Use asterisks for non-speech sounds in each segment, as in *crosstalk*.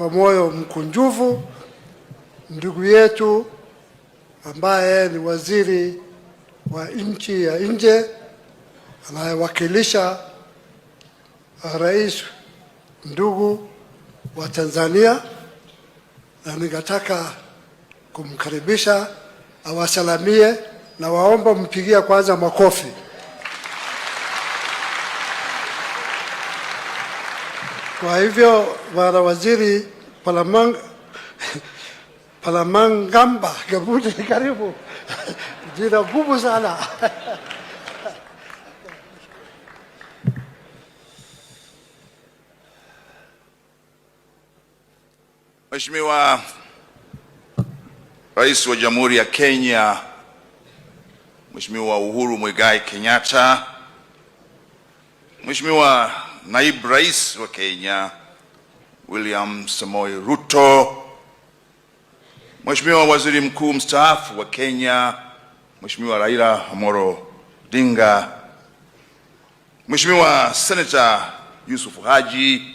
kwa moyo mkunjufu ndugu yetu ambaye ni waziri wa nchi ya nje anayewakilisha uh, rais ndugu wa Tanzania, na ningataka kumkaribisha awasalamie, na waomba mpigia kwanza makofi. Kwa hivyo bwana waziri Palamang, *laughs* Palamagamba Kabudi, *laughs* karibu jina gumu sana *laughs* Mheshimiwa Rais wa Jamhuri ya Kenya Mheshimiwa Uhuru Mwigai Kenyatta, Mheshimiwa naibu rais wa Kenya William Samoei Ruto, Mheshimiwa Waziri Mkuu mstaafu wa Kenya Mheshimiwa Raila Amolo Odinga, Mheshimiwa Senator Yusuf Haji,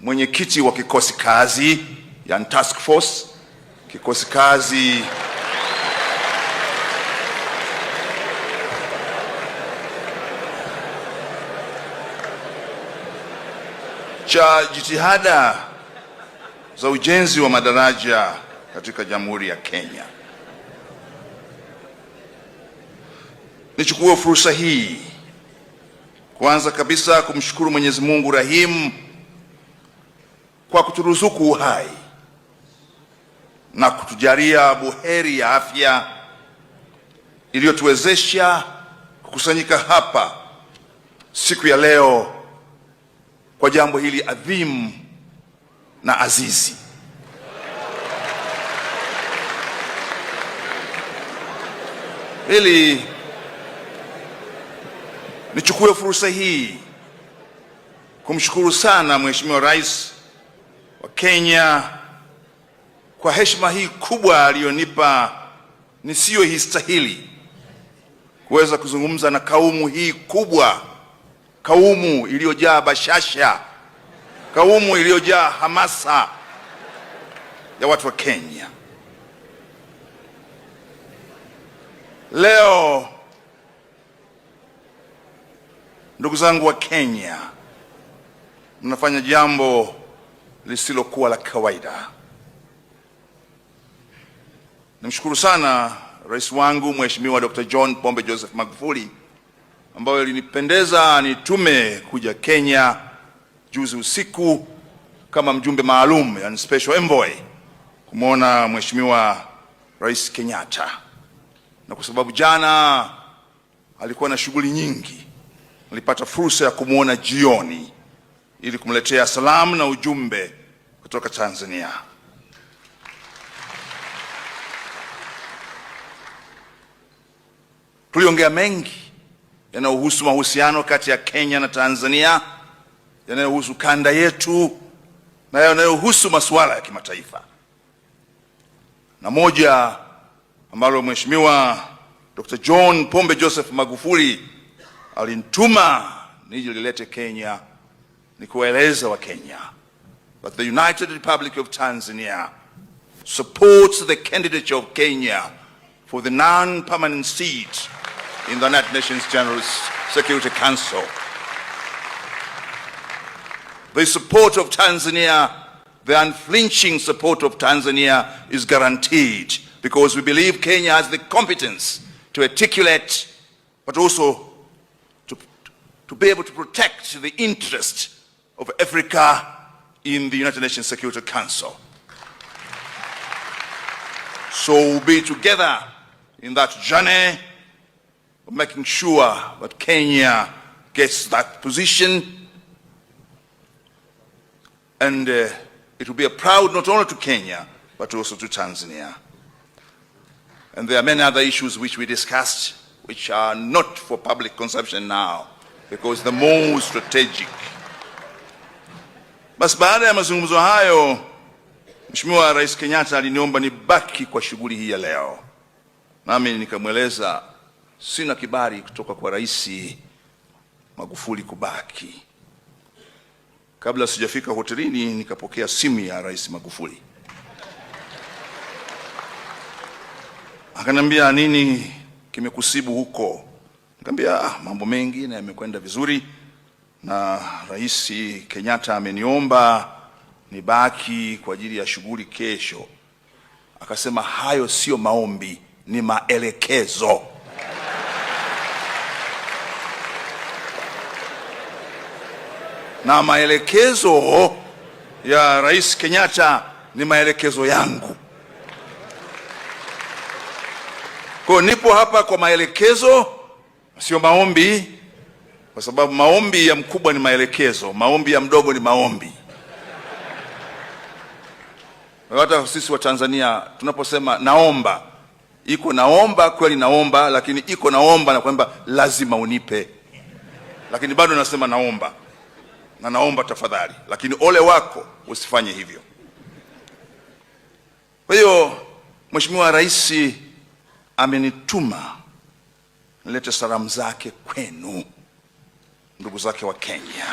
mwenyekiti wa kikosi kazi yani task force kikosi kazi cha jitihada za ujenzi wa madaraja katika Jamhuri ya Kenya. Nichukue fursa hii kwanza kabisa kumshukuru Mwenyezi Mungu rahimu kwa kuturuzuku uhai na kutujalia buheri ya afya iliyotuwezesha kukusanyika hapa siku ya leo kwa jambo hili adhimu na azizi. Pili, nichukue fursa hii kumshukuru sana Mheshimiwa Rais wa Kenya kwa heshima hii kubwa aliyonipa histahili kuweza kuzungumza na kaumu hii kubwa kaumu iliyojaa bashasha, kaumu iliyojaa hamasa ya watu wa Kenya. Leo ndugu zangu wa Kenya, mnafanya jambo lisilokuwa la kawaida. Nimshukuru sana rais wangu Mheshimiwa Dr. John Pombe Joseph Magufuli ambayo ilinipendeza nitume kuja Kenya juzi usiku kama mjumbe maalum, yani special envoy, kumwona Mheshimiwa Rais Kenyatta, na kwa sababu jana alikuwa na shughuli nyingi, nilipata fursa ya kumwona jioni ili kumletea salamu na ujumbe kutoka Tanzania. Tuliongea mengi yanayohusu mahusiano kati ya Kenya na Tanzania, yanayohusu kanda yetu na yanayohusu masuala ya kimataifa, na moja ambalo Mheshimiwa Dr. John Pombe Joseph Magufuli alinituma nije lilete Kenya ni kuwaeleza wa Kenya that the United Republic of Tanzania supports the candidature of Kenya for the non-permanent seat in the United Nations General Security Council. The support of Tanzania, the unflinching support of Tanzania is guaranteed because we believe Kenya has the competence to articulate but also to, to be able to protect the interest of Africa in the United Nations Security Council. So we'll be together in that journey of making sure that Kenya gets that position. And uh, it will be a proud not only to Kenya, but also to Tanzania. And there are many other issues which we discussed, which are not for public consumption now, because the more strategic. Basi baada ya mazungumzo hayo, Mheshimiwa Rais Kenyatta aliniomba nibaki kwa shughuli hii ya leo, nami nikamweleza Sina kibali kutoka kwa Rais Magufuli kubaki. Kabla sijafika hotelini, nikapokea simu ya Rais Magufuli, akaniambia, nini kimekusibu huko? Nikamwambia, ah, mambo mengi na yamekwenda vizuri, na Rais Kenyatta ameniomba nibaki kwa ajili ya shughuli kesho. Akasema hayo sio maombi, ni maelekezo. na maelekezo ya Rais Kenyatta ni maelekezo yangu. Kwa nipo hapa kwa maelekezo, sio maombi, kwa sababu maombi ya mkubwa ni maelekezo, maombi ya mdogo ni maombi. Hata sisi wa Tanzania tunaposema naomba, iko naomba kweli naomba, lakini iko naomba na kwamba lazima unipe, lakini bado nasema naomba na naomba tafadhali, lakini ole wako usifanye hivyo. Kwa hiyo Mheshimiwa Rais amenituma nilete salamu zake kwenu, ndugu zake wa Kenya.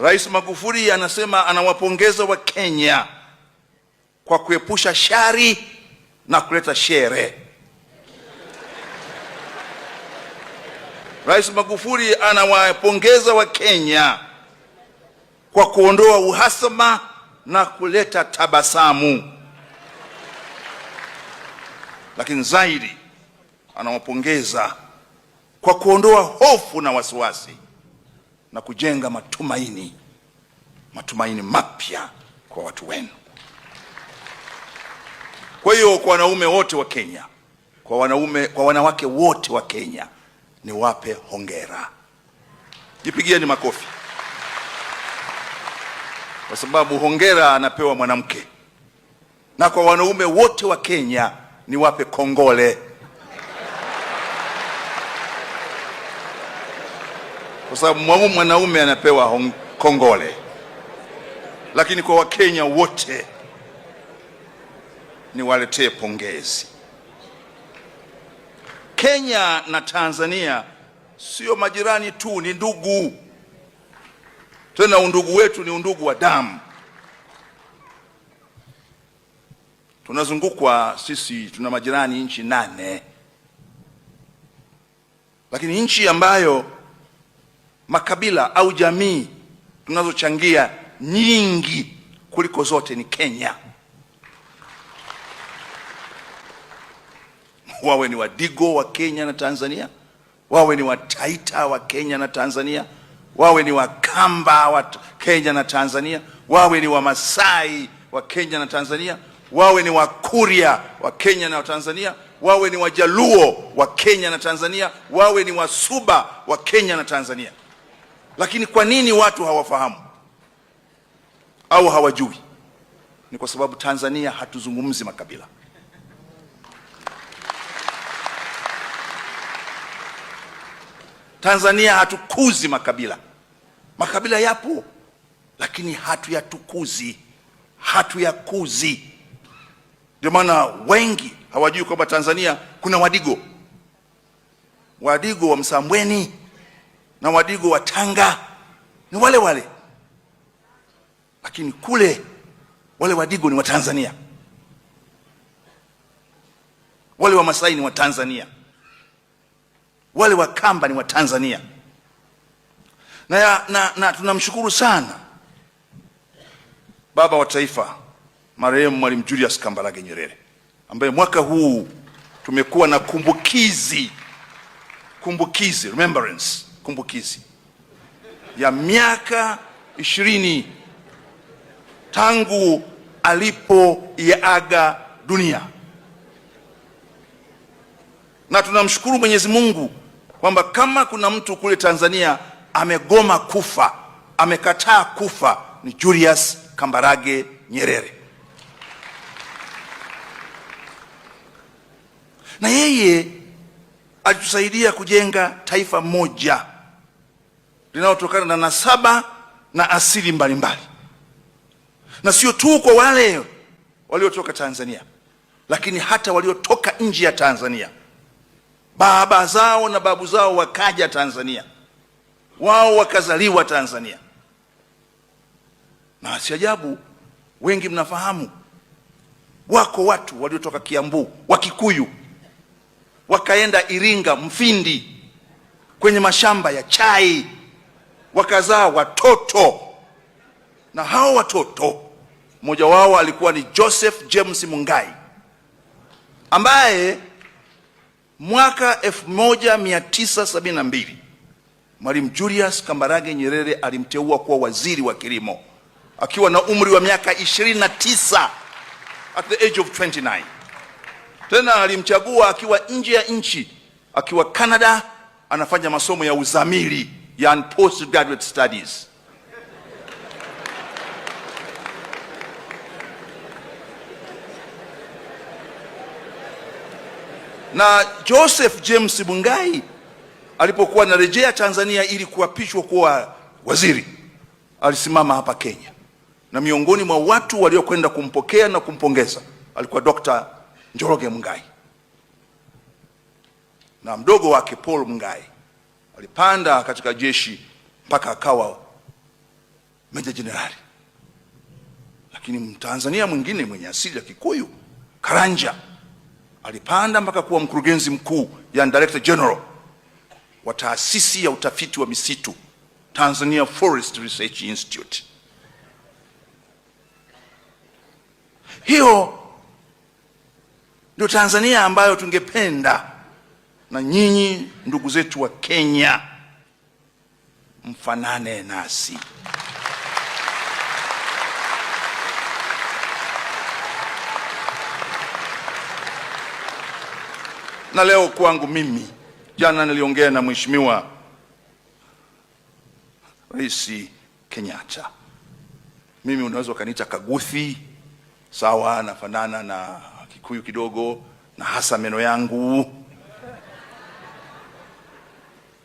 Rais Magufuli anasema anawapongeza kenya kwa kuepusha shari na kuleta shere. Rais Magufuli anawapongeza Wakenya kwa kuondoa uhasama na kuleta tabasamu, lakini zaidi anawapongeza kwa kuondoa hofu na wasiwasi na kujenga matumaini, matumaini mapya kwa watu wenu. Kwa hiyo kwa wanaume wote wa Kenya, kwa wanaume, kwa wanawake wote wa Kenya niwape hongera, jipigieni makofi, kwa sababu hongera anapewa mwanamke. Na kwa wanaume wote wa Kenya niwape kongole, kwa sababu mwanaume anapewa kongole, lakini kwa Wakenya wote niwaletee pongezi. Kenya na Tanzania sio majirani tu, ni ndugu. Tena undugu wetu ni undugu wa damu. Tunazungukwa sisi, tuna majirani nchi nane, lakini nchi ambayo makabila au jamii tunazochangia nyingi kuliko zote ni Kenya. wawe ni Wadigo wa Kenya na Tanzania, wawe ni Wataita wa Kenya na Tanzania, wawe ni Wakamba wa Kenya na Tanzania, wawe ni Wamasai wa Kenya na Tanzania, wawe ni Wakuria wa Kenya na Tanzania, wawe ni Wajaluo wa Kenya na Tanzania, wawe ni Wasuba wa Kenya na Tanzania. Lakini kwa nini watu hawafahamu au hawajui? Ni kwa sababu Tanzania hatuzungumzi makabila. Tanzania hatukuzi makabila. Makabila yapo, lakini hatuyatukuzi, hatuyakuzi. Ndio maana wengi hawajui kwamba Tanzania kuna Wadigo, Wadigo wa Msambweni na Wadigo wa Tanga ni wale wale, lakini kule wale Wadigo ni Watanzania, wale Wamasai ni Watanzania wale Wakamba ni Watanzania na, na, na tunamshukuru sana baba wa taifa marehemu Mwalimu Julius Kambarage Nyerere ambaye mwaka huu tumekuwa na kumbukizi kumbukizi remembrance kumbukizi ya miaka ishirini tangu alipoiaga dunia na tunamshukuru Mwenyezi Mungu kwamba kama kuna mtu kule Tanzania amegoma kufa, amekataa kufa ni Julius Kambarage Nyerere, na yeye alitusaidia kujenga taifa moja linalotokana na nasaba na asili mbalimbali mbali. Na sio tu kwa wale waliotoka Tanzania, lakini hata waliotoka nje ya Tanzania baba zao na babu zao wakaja Tanzania, wao wakazaliwa Tanzania, na si ajabu wengi mnafahamu, wako watu waliotoka Kiambu wa Kikuyu wakaenda Iringa, Mfindi, kwenye mashamba ya chai wakazaa watoto, na hao watoto mmoja wao alikuwa ni Joseph James Mungai ambaye Mwaka 1972 Mwalimu Julius Kambarage Nyerere alimteua kuwa waziri wa kilimo akiwa na umri wa miaka 29, at the age of 29. Tena alimchagua akiwa nje ya nchi, akiwa Canada anafanya masomo ya uzamili, yani postgraduate studies. Na Joseph James Mungai alipokuwa anarejea Tanzania ili kuapishwa kuwa waziri, alisimama hapa Kenya, na miongoni mwa watu waliokwenda kumpokea na kumpongeza alikuwa Dr. Njoroge Mungai na mdogo wake Paul Mungai. Alipanda katika jeshi mpaka akawa meja jenerali, lakini Mtanzania mwingine mwenye asili ya Kikuyu Karanja alipanda mpaka kuwa mkurugenzi mkuu yani director general wa taasisi ya utafiti wa misitu Tanzania Forest Research Institute. Hiyo ndio Tanzania ambayo tungependa na nyinyi ndugu zetu wa Kenya mfanane nasi. na leo kwangu mimi. Jana niliongea na Mheshimiwa Rais Kenyatta. Mimi unaweza ukaniita kaguthi, sawa, nafanana na Kikuyu kidogo na hasa meno yangu,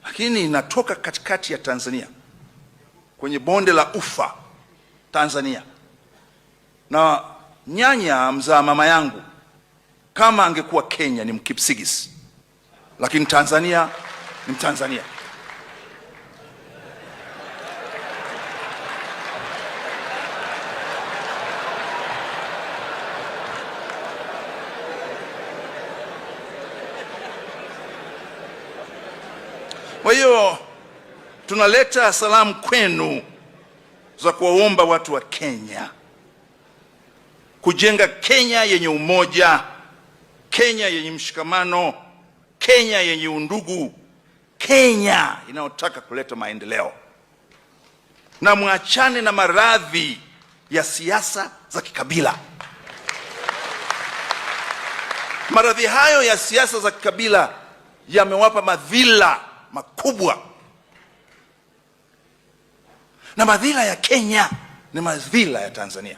lakini natoka katikati ya Tanzania kwenye bonde la Ufa Tanzania, na nyanya mzaa mama yangu kama angekuwa Kenya ni Mkipsigis, lakini Tanzania ni Mtanzania. Kwa hiyo tunaleta salamu kwenu za kuwaomba watu wa Kenya kujenga Kenya yenye umoja Kenya yenye mshikamano, Kenya yenye undugu, Kenya inayotaka kuleta maendeleo, na mwachane na maradhi ya siasa za kikabila. Maradhi hayo ya siasa za kikabila yamewapa madhila makubwa, na madhila ya Kenya ni madhila ya Tanzania.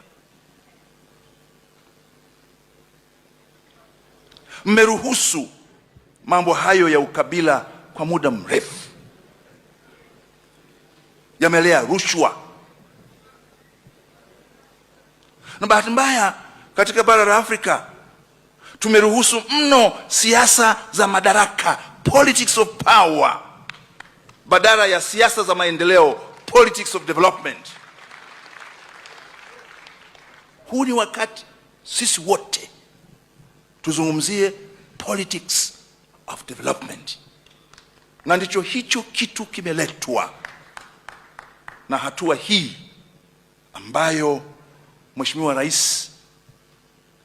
Mmeruhusu mambo hayo ya ukabila kwa muda mrefu, yamelea rushwa. Na bahati mbaya katika bara la Afrika tumeruhusu mno siasa za madaraka, politics of power, badala ya siasa za maendeleo, politics of development. Huu ni wakati sisi wote tuzungumzie politics of development, na ndicho hicho kitu kimeletwa na hatua hii ambayo Mheshimiwa Rais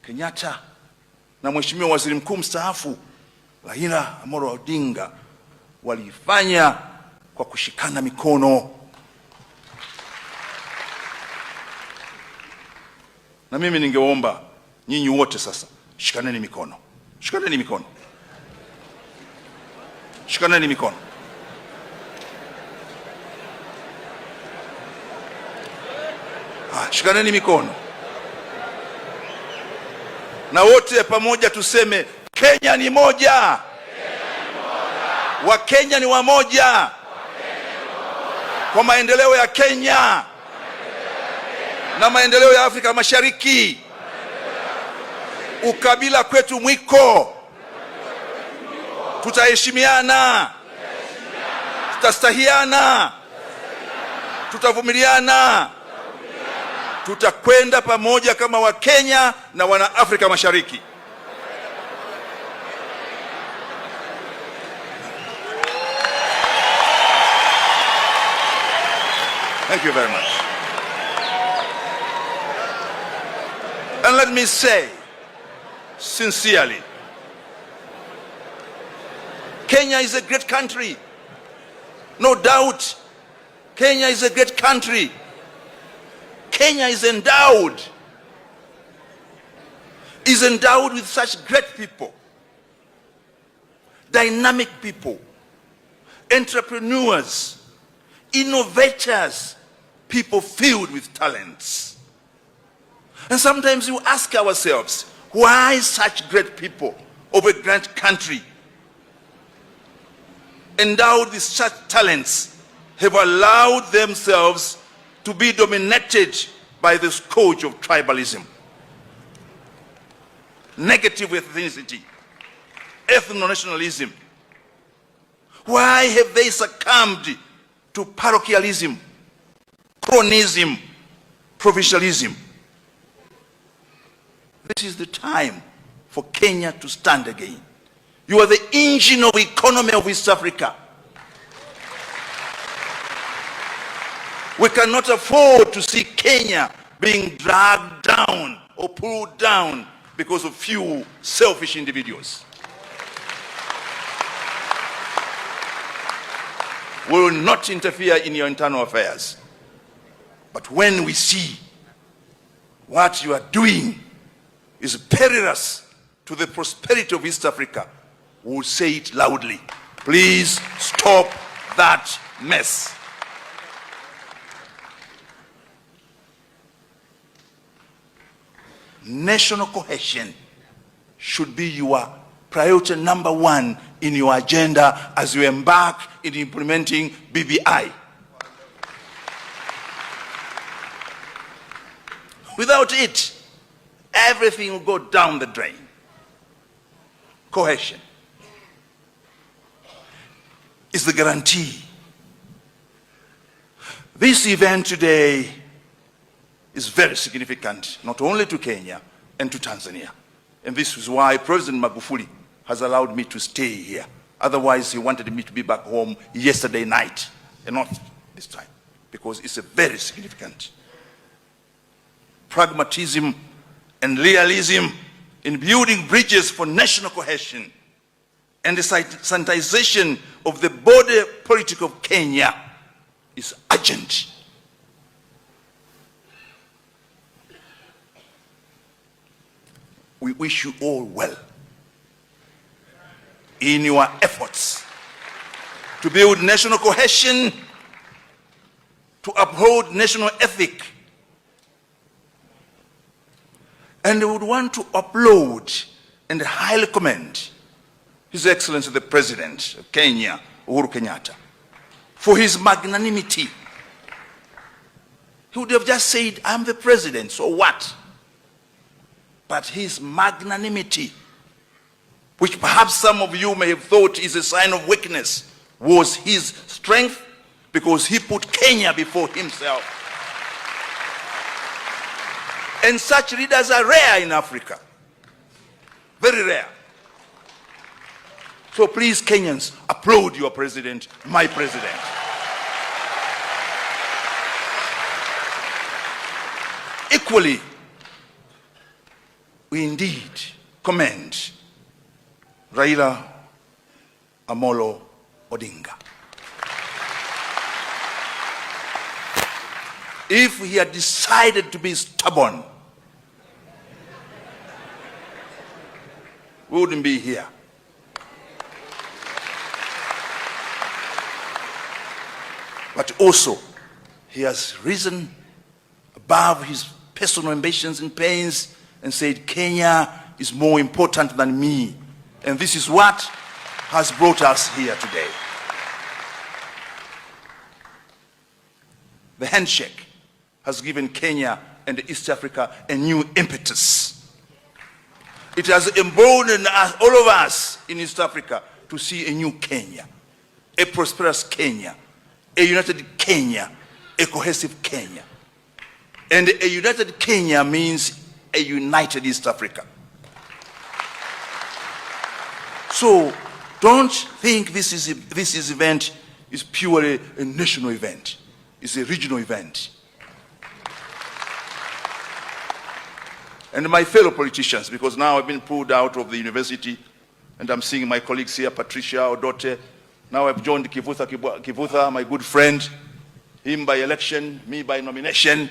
Kenyatta na Mheshimiwa Waziri Mkuu mstaafu Raila Amolo Odinga waliifanya kwa kushikana mikono. Na mimi ningeomba nyinyi wote sasa Shikaneni mikono, shikaneni mikono, shikaneni mikono. Ah, shikaneni mikono na wote pamoja tuseme, Kenya ni moja, Wakenya ni wamoja kwa maendeleo ya Kenya na maendeleo ya Afrika Mashariki. Ukabila kwetu mwiko, tutaheshimiana, tutastahiana, tutavumiliana, tutakwenda pamoja kama Wakenya na wana Afrika Mashariki. Thank you very much. And let me say sincerely. Kenya is a great country. No doubt. Kenya is a great country. Kenya is endowed. Is endowed with such great people. Dynamic people. Entrepreneurs. Innovators. People filled with talents. And sometimes you ask ourselves, Why such great people of a great country endowed with such talents have allowed themselves to be dominated by the scourge of tribalism, negative ethnicity, ethno-nationalism. Why have they succumbed to parochialism, cronism, provincialism? This is the time for Kenya to stand again. You are the engine of economy of East Africa. We cannot afford to see Kenya being dragged down or pulled down because of few selfish individuals. We will not interfere in your internal affairs. But when we see what you are doing is perilous to the prosperity of East Africa will say it loudly. Please stop that mess. National cohesion should be your priority number one in your agenda as you embark in implementing BBI. Without it, everything will go down the drain. Cohesion is the guarantee. This event today is very significant, not only to Kenya and to Tanzania. And this is why President Magufuli has allowed me to stay here. Otherwise, he wanted me to be back home yesterday night and not this time, because it's a very significant. Pragmatism and realism in building bridges for national cohesion and the sanitization of the border politic of Kenya is urgent. We wish you all well in your efforts to build national cohesion, to uphold national ethic and would want to applaud and highly commend His Excellency the President of Kenya, Uhuru Kenyatta, for his magnanimity. He would have just said, I'm the president, so what? But his magnanimity, which perhaps some of you may have thought is a sign of weakness, was his strength because he put Kenya before himself. And such leaders are rare in Africa. Very rare. So please, Kenyans, applaud your president, my president. Equally, we indeed commend Raila Amolo Odinga. If he had decided to be stubborn, we wouldn't be here. But also, he has risen above his personal ambitions and pains and said, Kenya is more important than me. And this is what has brought us here today. The handshake has given Kenya and East Africa a new impetus. It has emboldened us, all of us in East Africa to see a new Kenya, a prosperous Kenya, a united Kenya, a cohesive Kenya. And a united Kenya means a united East Africa. So don't think this, is, this is event is purely a national event. It's a regional event. and my fellow politicians, because now I've been pulled out of the university and I'm seeing my colleagues here, Patricia Odote. Now I've joined Kivutha, Kivutha, my good friend, him by election, me by nomination.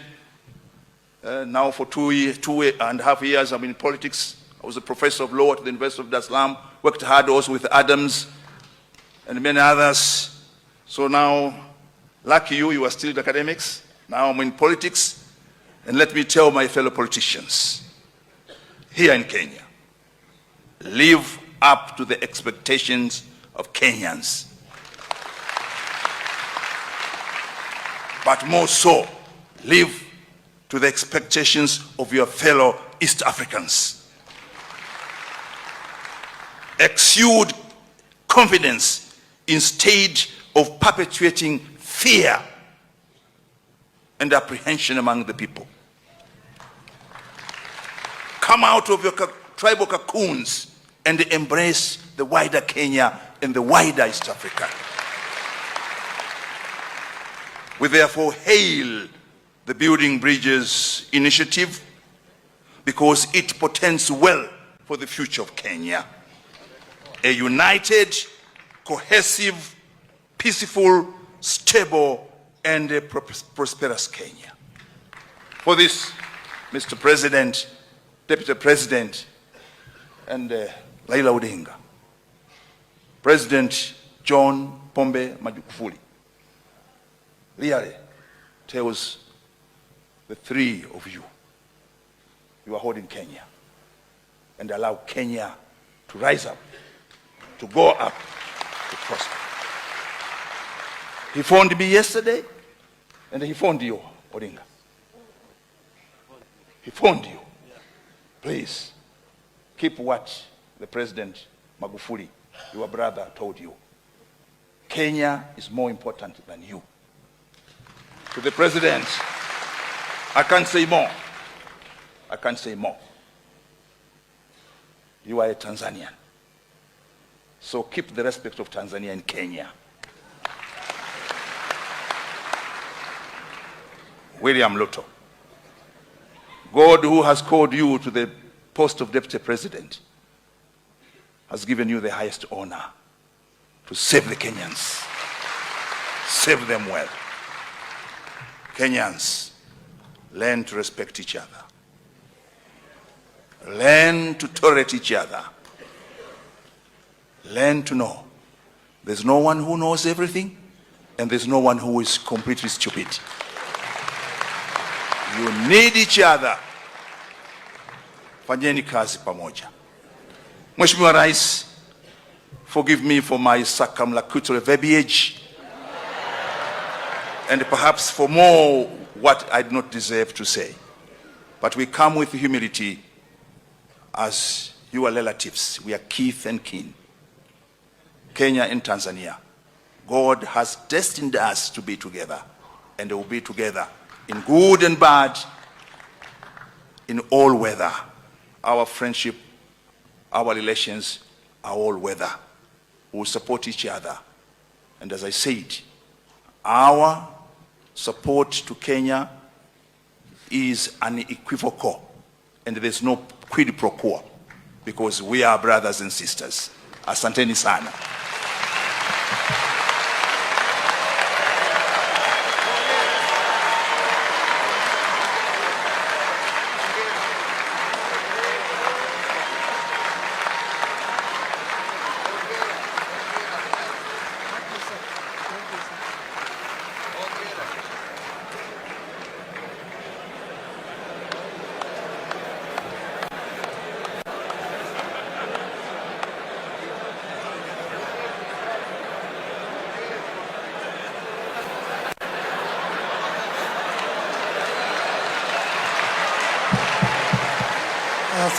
Uh, now for two, year, two and a half years I'm in politics. I was a professor of law at the University of Dar es Salaam, worked hard also with Adams and many others. So now, lucky you, you are still in academics. Now I'm in politics. And let me tell my fellow politicians here in Kenya live up to the expectations of Kenyans but more so live to the expectations of your fellow East Africans. Exude confidence instead of perpetuating fear and apprehension among the people come out of your tribal cocoons and embrace the wider Kenya and the wider East Africa. We therefore hail the Building Bridges initiative because it portends well for the future of Kenya. A united, cohesive, peaceful, stable, and a prosperous Kenya. For this, Mr. President, Deputy President and uh, Laila Odinga, President John Pombe Magufuli really tells the three of you, you are holding Kenya and allow Kenya to rise up, to go up, to prosper. He phoned me yesterday and he phoned you, Odinga. He phoned you. Please keep what the President Magufuli, your brother, told you. Kenya is more important than you. To the President, I can't say more. I can't say more. You are a Tanzanian. So keep the respect of Tanzania in Kenya. William Ruto. God, who has called you to the post of deputy president, has given you the highest honor to save the Kenyans. Save them well. Kenyans, learn to respect each other. Learn to tolerate each other. Learn to know there's no one who knows everything, and there's no one who is completely stupid. You need each other. Fanyeni kazi pamoja. Mheshimiwa Rais, forgive me for my circumlocutory verbiage and perhaps for more what I do not deserve to say. But we come with humility as your relatives. We are Keith and kin. Kenya and Tanzania. God has destined us to be together and we will be together in good and bad, in all weather. Our friendship, our relations are all weather. We will support each other. And as I said, our support to Kenya is unequivocal, and there's no quid pro quo because we are brothers and sisters. Asanteni sana.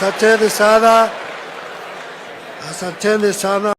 सचे निशाना सचे निशाना